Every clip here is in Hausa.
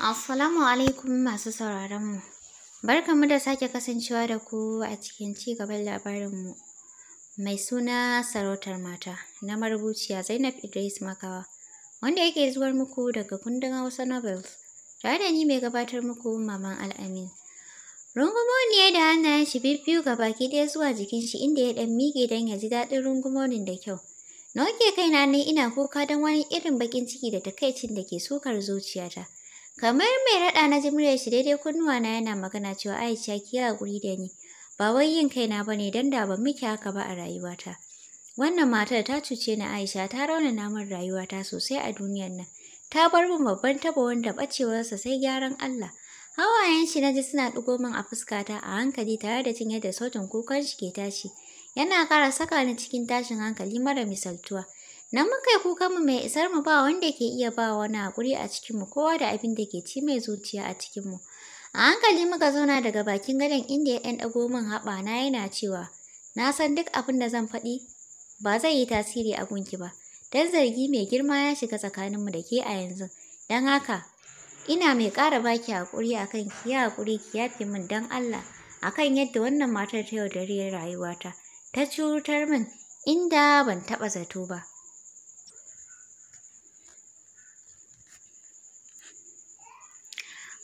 Assalamu alaikum masu sauraronmu. Barkanmu da sake kasancewa da ku a cikin ci gaban labarinmu mai suna sarautar mata na marubuciya Zainab Idris Makawa wanda yake zuwar muku daga kundin Hausa Novels tare da ni mai gabatar muku Maman Al'amin. Rungumo ne da hannayen shi bibbiyu ga baki ɗaya zuwa jikin shi inda ya ɗan mike don ya ji daɗin rungumonin da kyau. Na kaina ne ina kuka don wani irin bakin ciki da takaicin da ke sukar zuciyata. Kamar mai raɗa na ji muryar shi daidai kunnuwa na yana magana cewa Aisha ki guri haƙuri da ni. Ba wai yin kaina ba ne don da ban miki haka ba a rayuwata. Wannan matar ta cuce ni Aisha ta rauna min rayuwata sosai a duniyar nan. Ta bar min babban taba wanda bacewarsa sai gyaran Allah. Hawayen shi na ji suna ɗigo min a fuskata a hankali tare da jin yadda sautin kukan shi ke tashi. Yana ƙara saka ni cikin tashin hankali mara misaltuwa. Nan mun kai mu mai isar mu ba wanda ke iya ba wani hakuri a cikinmu kowa da abin da ke ci mai zuciya a cikin mu A hankali muka zauna daga bakin gadon inda ya ɗan ɗago min haɓa na yana cewa na san duk abin da zan faɗi ba zai yi tasiri a gunki ba. Dan zargi mai girma ya shiga tsakanin mu da ke a yanzu. dan haka ina mai ƙara baki haƙuri akan ki ya haƙuri ki yafe min don Allah akan yadda wannan matar ta yaudare rayuwata ta cutar min inda ban taɓa zato ba.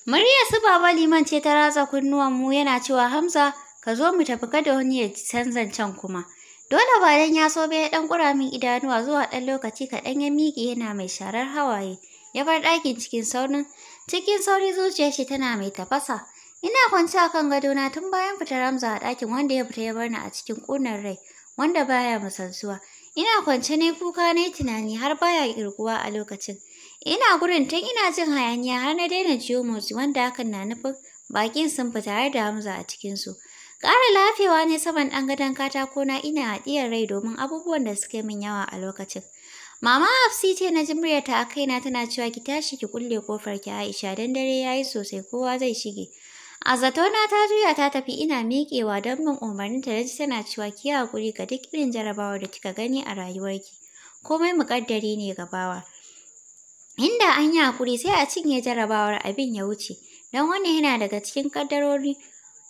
Murya su baba liman ce ta ratsa kunnuwan mu yana cewa Hamza ka zo mu tafi kada wani ya san can kuma. Dole bayan ya so bai dan kura min idanuwa zuwa dan lokaci kaɗan ya miƙe yana mai sharar hawaye. Ya bar ɗakin cikin saurin cikin sauri zuciyar shi tana mai tafasa. Ina kwance a kan gadona tun bayan fitar Hamza a ɗakin wanda ya fita ya bar ni a cikin ƙunar rai wanda baya musansuwa. Ina kwance ne kuka ne tunani har baya kirguwa a lokacin. Ina gurin tun ina jin hayaniya har na daina jiyo motsi wanda hakan na nufin bakin sun fita har da Hamza a cikinsu. Ƙara lafewa ne saman ɗan gadon katako na ina haɗiyar rai domin abubuwan da suka min yawa a lokacin. Mama Hafsi ce na ji muryarta a kaina tana cewa ki tashi ki kulle kofar ki Aisha dan dare yayi sosai kowa zai shige. A zato na ta juya ta tafi ina miƙewa don min umarninta ta ji tana cewa ki haƙuri ga duk irin jarabawar da kika gani a rayuwarki. Komai muƙaddari ne ga bawa. Inda an yi hakuri sai a cinye jarabawar abin ya wuce, don wannan yana daga cikin ƙaddarori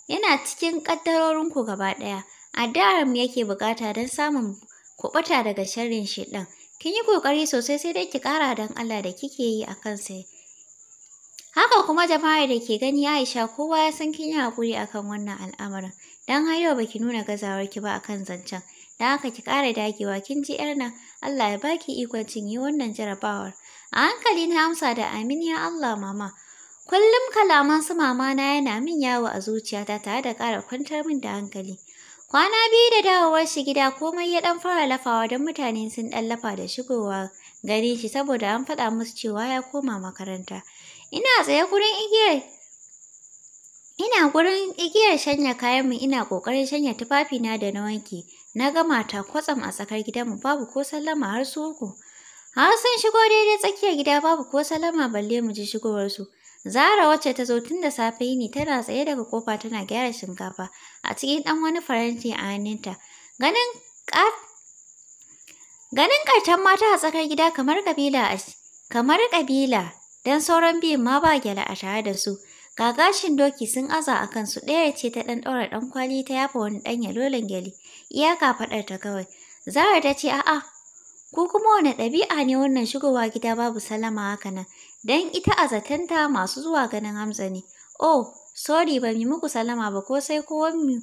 yana cikin ƙaddarorinku gaba ɗaya. Addu'ar mu yake buƙata don samun kuɓuta daga sharrin shaiɗan. Kin yi ƙoƙari sosai sai dai ki ƙara don Allah da kike yi a kansa. Haka kuma jama'a da ke gani Aisha kowa ya san kin yi hakuri akan wannan al'amarin. Dan har yau baki nuna gazawar ki ba akan zancen. Dan haka ki kara dagewa kin ji 'yar nan Allah ya baki ikon cinye wannan jarabawar. A hankali na amsa da amin ya Allah mama. Kullum kalaman su mama na yana min yawo a zuciyata tare da ƙara kwantar min da hankali. Kwana biyu da dawowar shi gida komai ya ɗan fara lafawa don mutane sun ɗan lafa da shigowa gani shi saboda an faɗa musu cewa ya koma makaranta. Ina tsaye gurin igiyar Ina gurin igiyar shanya kayanmu ina ƙoƙarin shanya tufafina da na wanke. Na ga mata kwatsam a tsakar gidanmu babu ko sallama har su uku. Har sun shigo daidai tsakiyar gida babu ko sallama balle mu ji shigowarsu. Zara wacce ta zo tun da safe ne tana tsaye daga kofa tana gyara shinkafa a cikin ɗan wani faranti a hannunta. Ganin Ganin mata a tsakar gida kamar kabila kamar kabila don sauran biyun ma ba gyale a tare da su. Gagashin doki sun aza a kansu ɗaya ce ta ɗan ɗora ɗan kwali ta yafa wani ɗan yalolan gyali iyaka faɗar ta kawai. Zara ta ce a'a, ku kuma wani ɗabi'a ne wannan shigowa gida babu salama haka nan, don ita a ta masu zuwa ganin Hamza ne. Oh, sorry ba yi muku salama ba ko sai kowanmu.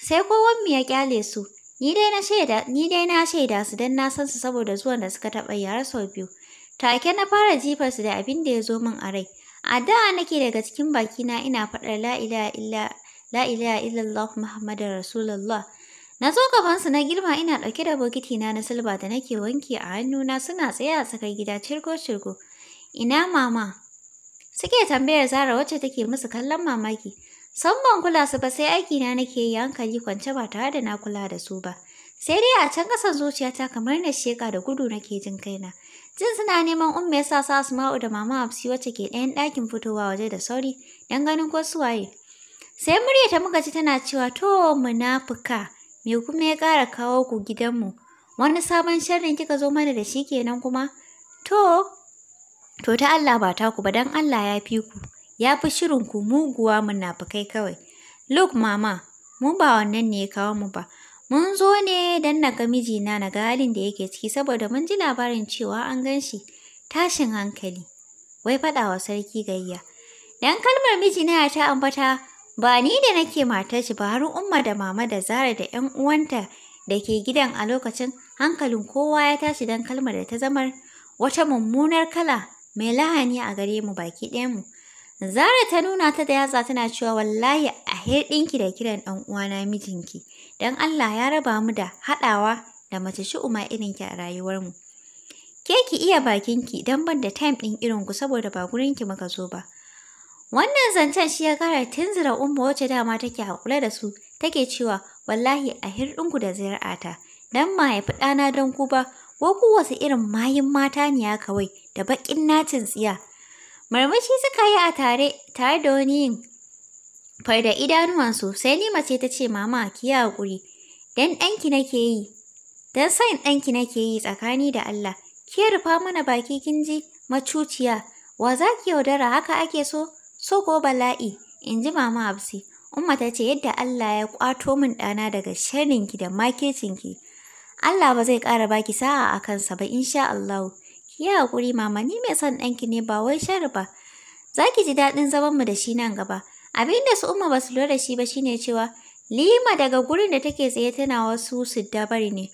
Sai kowanmu ya kyale su, ni dai na shaida su don na san su saboda zuwan da suka taɓa yara sau biyu. Take na fara jifar su da abin da ya zo min a rai. A da nake daga cikin bakina ina faɗar la ilaha illa la ilaha illallah Muhammadar Rasulullah. Na zo gabansu na girma ina ɗauke da bokiti na na silba da nake wanki a hannuna suna tsaya a tsakar gida cirgo-cirgo. Ina mama? Suke tambayar Zara wacce take musu kallon mamaki. San ban kula su ba sai aiki na nake yi hankali kwance ba tare da na kula da su ba. Sai dai a can ƙasan zuciyata kamar na sheƙa da gudu nake jin kaina. Jin suna neman umma ya sa su Asma'u da mama Hafsi wacce ke ɗayan ɗakin fitowa waje da sauri don ganin ko su waye. Sai murya ta muka ci tana cewa to munafuka me kuma ya ƙara kawo ku gidanmu wani sabon sharrin kika zo mana da shi kenan kuma to to ta Allah ba ta ku ba dan Allah ya fi ku ya fi shirin ku muguwa munafukai kawai. Look mama mu ba wannan ne ya kawo mu ba Mun zo ne don na ga mijina na ga halin da yake ciki saboda mun ji labarin cewa an gan shi tashin hankali. Wai faɗa wa sarki gayya. Dan kalmar mijina ta ambata ba ni da nake matar shi ba har umma da mama da zara da ‘yan uwanta da ke gidan a lokacin hankalin kowa ya tashi dan kalmar da ta zamar wata mummunar kala mai lahani a gare mu baki mu. Zara ta nuna ta da yatsa tana cewa wallahi Lahir ɗinki da kiran ɗan uwana mijinki, don Allah ya raba mu da haɗawa da mace uma irinki a rayuwarmu. Ke ki iya bakinki don ban da time ɗin ku saboda ba gurinki muka zo ba. Wannan zancen shi ya kara tunzura umma wacce dama take haƙula da su take cewa wallahi a hirɗinku da zira'ata don ma haifi ɗana don ku ba ko ku wasu irin mayin mata ne ya kawai da baƙin nacin tsiya. Marmashi suka yi a tare tare da wani yin farda idanuwansu sai Lima ce ta ce mama ki yi haƙuri dan ɗanki nake yi dan san ɗanki nake yi tsakani da Allah ki rufa mana baki kin ji macuciya wa za ki yaudara haka ake so so ko bala'i in ji mama Hafsi Umma ta ce yadda Allah ya kwato min ɗana daga ki da makircinki Allah ba zai ƙara baki sa'a a kansa ba insha Allah ki yi haƙuri mama ni mai son ɗanki ne ba wai sharri ba za ki ji daɗin zaman mu da shi nan gaba Abin da su Umma ba su lura da shi ba shi ne cewa Lima daga gurin da take tsaye tana wasu dabari ne.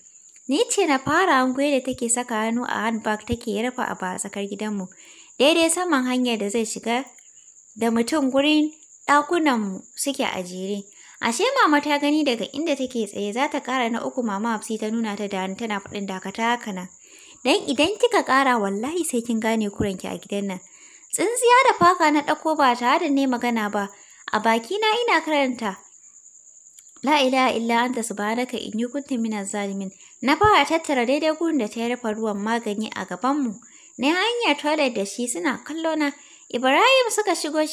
Ni ce na fara angwe da take saka hannu a handbag take rufa a ba tsakar gidanmu. Daidai saman hanyar da zai shiga da mutum gurin ɗakunanmu suke a jere. Ashe mama ta gani daga inda take tsaye za ta ƙara na uku mama Hafsi ta nuna ta da tana faɗin dakata haka nan. Dan idan kika ƙara wallahi sai kin gane kuranki a gidan nan. Tsintsiya da faka na ɗauko ba tare da ne magana ba, a bakina ina karanta la ilaha illa anta subhanaka inni kuntu minaz zalimin na fara tattara daidai gurin da ta rufa ruwan magani a gabanmu na hanyar toilet da shi suna kallo na ibrahim suka shigo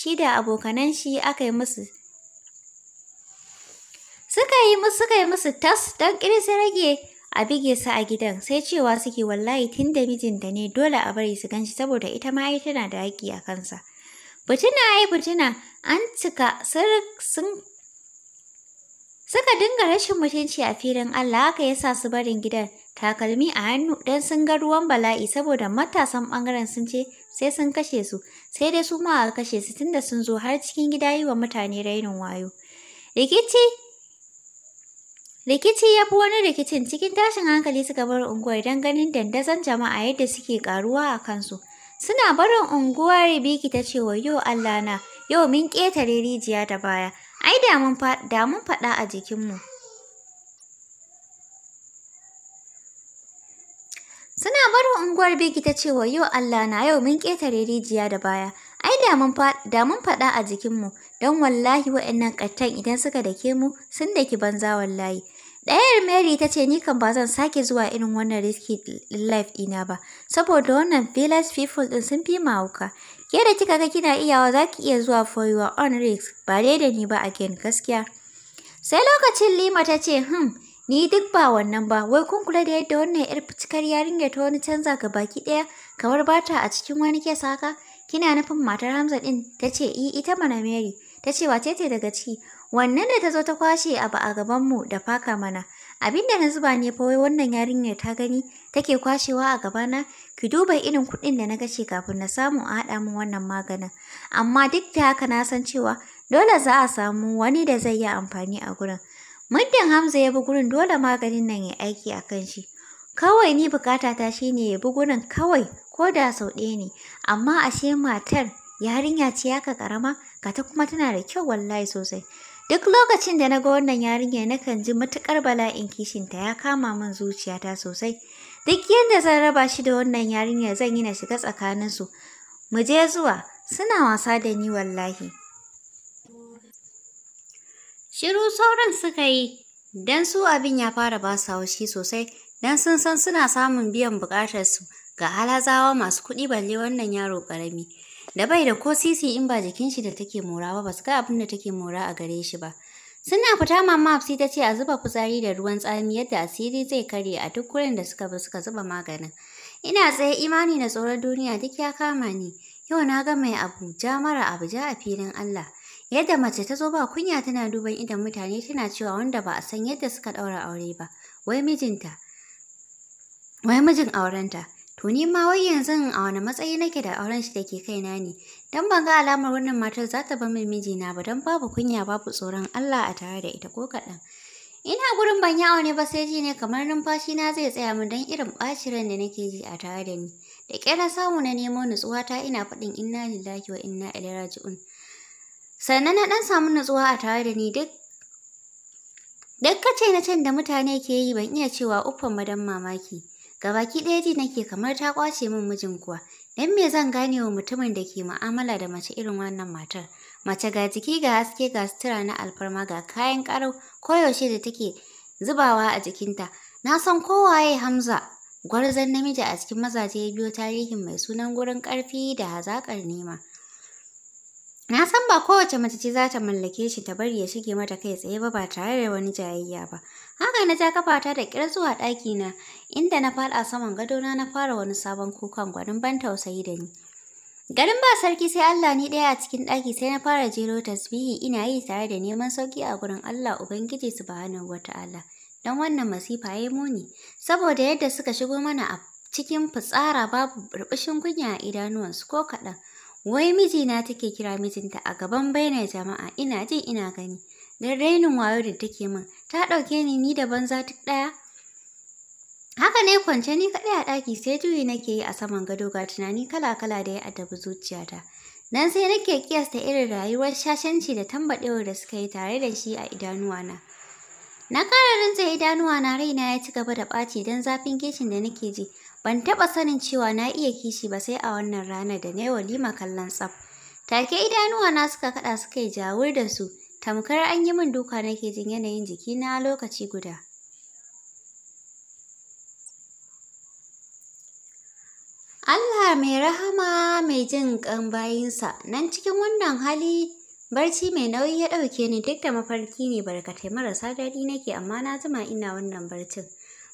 shi da abokanan shi aka yi musu suka yi musu suka yi musu tas dan kirsa rage a bige su a gidan sai cewa suke wallahi tun da mijinta ne dole a bari su ganshi saboda ita ma ai tana da haƙƙi a kansa Fitina ya yi an cika sun suka dinga rashin mutunci a filin Allah haka ya sa su barin gidan takalmi a hannu don sun ga ruwan bala'i saboda matasan bangaren sun ce sai sun kashe su sai dai su ma a kashe su tunda sun zo har cikin gida yi wa mutane rainin wayo. Rikici Rikici ya fi wani rikicin cikin tashin hankali suka bar unguwar don ganin dandazon jama'a yadda suke karuwa a kansu. Suna barin unguwar Ribiki ta ce wayo Allah na, yau min ƙetare rijiya da baya, ai da mun faɗa a jikinmu. Suna barin unguwar Biki ta ce wayo Allah na yau min ƙetare rijiya da baya, ai da mun faɗa a jikinmu, don wallahi waɗannan ƙattan idan suka dake mu sun daki banza wallahi. Ɗayar Mary ta ce ni kan ba zan sake zuwa irin wannan risky life ɗina ba, saboda wannan village people ɗin sun fi mawuka. Ke da kika ga kina iyawa za ki iya zuwa for your own risk, ba dai da ni ba a again gaskiya. Sai lokacin Lima ta ce, hmm, ni duk ba wannan ba, wai kun kula da yadda wannan yar fitikar yarinya ta wani canza ga baki ɗaya, kamar ba ta a cikin wani kes haka? Kina nufin matar Hamza ɗin ta ce, i eh, ita mana Mary, ta ce wace ce daga ciki? wannan da ta zo ta kwashe abu a gabanmu da faka mana abin da na zuba ne fa wai wannan yarinyar ta gani take kwashewa a gabana ki duba irin kuɗin da na gace kafin na samu a haɗa min wannan maganin amma duk da haka na san cewa dole za a samu wani da zai yi amfani a gurin muddin hamza ya bi gurin dole maganin nan ya aiki a kan shi kawai ni bukata ta shine ya bi gurin kawai ko da sau ɗaya ne amma ashe matar yarinya ce yaka karama gata kuma tana da kyau wallahi sosai Duk lokacin da na ga wannan yarinya kan ji matuƙar bala'in kishinta ya kama min zuciyata sosai. Duk yadda zan raba shi da wannan yarinyar zan yi na shiga tsakaninsu. Mu je zuwa, suna wasa da ni wallahi. Shiru sauran suka yi, don su abin ya fara ba su haushi sosai, don sun san suna samun biyan su ga halazawa masu kuɗi balle wannan yaro ƙarami. da bai da ko sisi in ba jikin shi da take mora ba basu ga abin da take mora a gare shi ba suna fita mama hafsi ta ce a zuba fitsari da ruwan tsami yadda asiri zai karye a duk wurin da suka bi suka zuba maganin ina tsaye imani na tsoron duniya duk ya kama ni yau na ga mai abu, ja mara abu, ja a filin allah Yadda mace ta zo ba kunya tana duban idan mutane tana cewa wanda ba a san yadda suka ɗaura aure ba, wai wai mijin aurenta. To ni ma wai yanzu a wani matsayi nake da auren shi dake ke kaina ne, don ban ga alamar wannan matar za ta bar min mijina ba don babu kunya babu tsoron Allah a tare da ita ko kaɗan. Ina gurin ban yawo ne ba sai ji ne kamar numfashi na zai tsaya min don irin ɓacin ran da nake ji a tare da ni. Da ƙyar samu na nemo nutsuwa ta ina faɗin inna lillahi wa inna ilaihi raji'un. Sannan na ɗan samu nutsuwa a tare da ni duk Duk ce na can da mutane ke yi ban iya cewa uffan madan mamaki. Gabaki ɗaya ji nake kamar ta ƙwace min mijin kuwa. Dan me zan gane wa mutumin da ke mu'amala da mace irin wannan matar? Mace ga jiki ga haske ga sutura na alfarma ga kayan ƙarau koyaushe da take zubawa a jikinta. Na san kowaye Hamza gwarzon namiji a cikin mazaje ya biyo tarihin mai sunan gurin ƙarfi da hazaƙar nema. Na san ba kowace mace ce za ta mallake shi ta bari ya shige mata kai tsaye ba ba tare da wani jayayya ba. Haka na ja kafata da kira zuwa ɗaki na inda na faɗa saman gadona na fara wani sabon kukan gwanin ban tausayi da ni. Garin ba sarki sai Allah ni ɗaya a cikin ɗaki sai na fara jero tasbihi ina yi tare da neman sauki a gurin Allah Ubangiji su wata Allah, don wannan masifa ya muni saboda yadda suka shigo mana a cikin fitsara babu burbushin kunya a idanuwansu ko kaɗan. wai mijina take kira mijinta a gaban bainar jama'a ina jin ina gani don rainin wayo da take min ta ɗauke ni ni da banza duk ɗaya haka ne kwance ni kadai a ɗaki sai juyi nake yi a saman gado ga tunani kala-kala da ya addabi zuciyata nan sai nake kiyasta irin rayuwar shashanci da tambadewar da suka yi tare da shi a idanuwana na ƙara idanuwa na raina ya ci gaba da ɓaci don zafin geshin da nake ji Ban taɓa sanin cewa na iya kishi ba sai a wannan rana da na yi walima kallon tsaf. Take idanuwa na suka kaɗa suka yi jawur da su, tamkar an yi min duka nake jin yanayin jiki na lokaci guda. Allah mai rahama mai jin ƙan bayinsa, nan cikin wannan hali barci mai nauyi ya ɗauke ni duk da mafarki ne barkatai marasa daɗi nake amma na jima ina wannan barcin.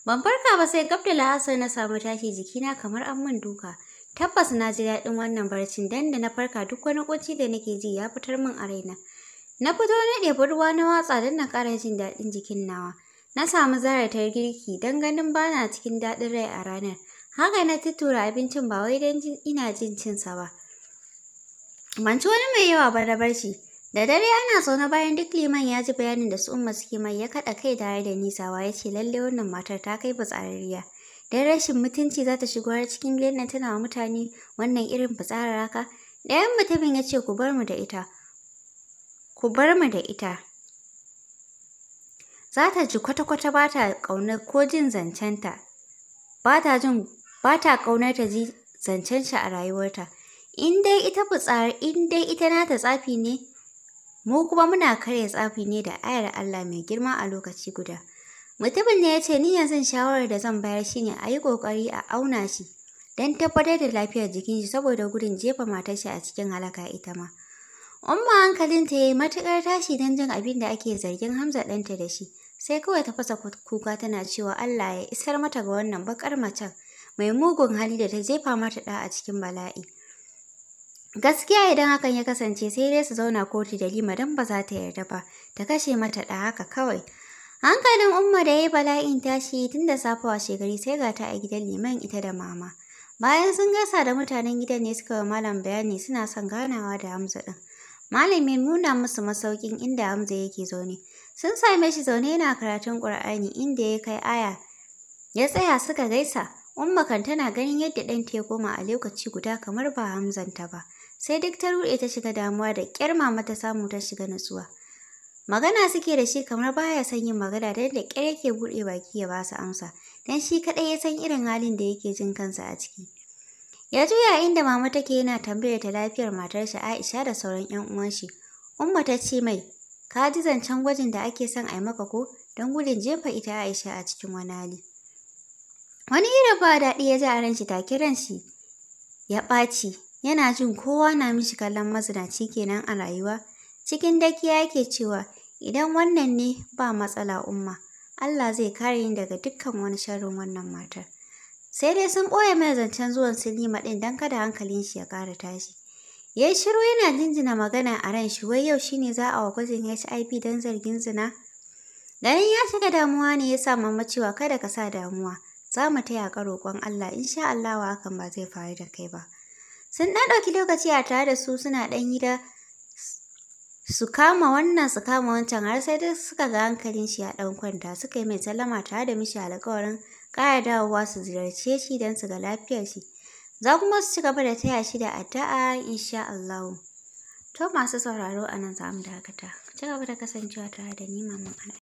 Ban farka ba sai Gabdala da na samu tashi jikina kamar an mun duka. Tabbas na ji daɗin wannan barcin dan da na farka duk wani ƙoci da nake ji ya fitar min a raina. Na fito na ɗebi ruwa na watsa dan na ƙara jin daɗin jikin nawa. Na samu zaratar girki dan ganin bana cikin daɗin rai a ranar. Haka na tuttura abincin ba wai dan ina jin cinsa ba. Ban ci wani mai yawa ba na barci. Da dare ana zaune bayan duk liman ya ji bayanin da su umma suke mai ya kaɗa kai tare da nisawa ya ce lalle wannan matar ta kai fitsararriya. Dan rashin mutunci za ta shigo har cikin gidan nan tana wa mutane wannan irin fitsarar haka. Ɗayan mutumin ya ce ku bar mu da ita. Ku bar mu da ita. Za ta ji kwata-kwata ba ta ƙaunar ko jin zancenta. Ba ta jin ba ta ƙaunar ta ji zancen shi a rayuwarta. In dai ita fitsar in dai ita ta tsafi ne Mu kuma muna karya tsafi ne da ayar Allah mai girma a lokaci guda. Mutumin ne ya ce ni yanzu shawarar da zan bayar shine a yi ƙoƙari a auna shi don tabbatar da lafiyar jikin shi saboda gudun jefa matar shi a cikin halaka ita ma. Umma hankalinta ya yi matuƙar tashi don jin abin da ake zargin Hamza ɗanta da shi. Sai kawai ta fasa kuka tana cewa Allah ya isar mata ga wannan baƙar macen mai mugun hali da ta jefa mata ɗa a cikin bala'i. Gaskiya idan hakan ya kasance sai dai su zauna kotu da Lima don ba za ta yarda ba, ta kashe mata ɗa haka kawai. Hankalin Umma da ya yi bala'in tashi tun da safe washe gari sai ga ta a gidan liman ita da mama. Bayan sun gasa da mutanen gidan ne suka wa malam bayani suna son ganawa da Hamza ɗin. Malamin nuna musu masaukin inda Hamza yake zaune. Sun same shi zaune yana karatun Ƙur'ani inda ya kai aya. Ya tsaya suka gaisa. Umma kan tana ganin yadda ɗan ta ya koma a lokaci guda kamar ba ta ba. sai duk ta ruɗe ta shiga damuwa da kyar mama ta samu ta shiga nutsuwa. Magana suke da shi kamar baya son yin magana don da kyar yake buɗe baki ya ba su amsa, don shi kaɗai ya san irin halin da yake jin kansa a ciki. Ya juya inda mama take yana tambayar ta lafiyar matar shi Aisha da sauran 'yan uwan shi. Umma ta ce mai, ka ji zancen gwajin da ake son a yi maka ko don gudun jefa ita Aisha a cikin wani hali. Wani irin ba daɗi ya ji a ranshi take shi ya ɓaci yana jin kowa na mishi kallon mazinaci kenan a rayuwa cikin dakiya yake cewa idan wannan ne ba matsala umma Allah zai kare ni daga dukkan wani sharrin wannan matar sai dai sun ɓoye mai zancen zuwan silima ɗin don kada hankalin shi ya ƙara tashi ya yi shiru yana jinjina magana a ran shi wai yau shine za a wa gwajin hiv don zargin zina ganin ya shiga damuwa ne ya sa mamma cewa kada ka sa damuwa za mu taya ka roƙon Allah insha Allah hakan ba zai faru da kai ba Sun ɗan ɗauki lokaci a tare da su suna ɗan yi da su kama wannan su kama wancan har sai duk suka ga hankalin shi a ɗan kwanta suka yi mai sallama tare da mishi alƙawarin ƙara dawowa su ziyarce shi don su ga lafiyar shi. Za kuma su ci gaba da taya shi da addu'a insha Allah To masu sauraro a nan za mu dakata. Ci gaba da kasancewa tare da ni mamman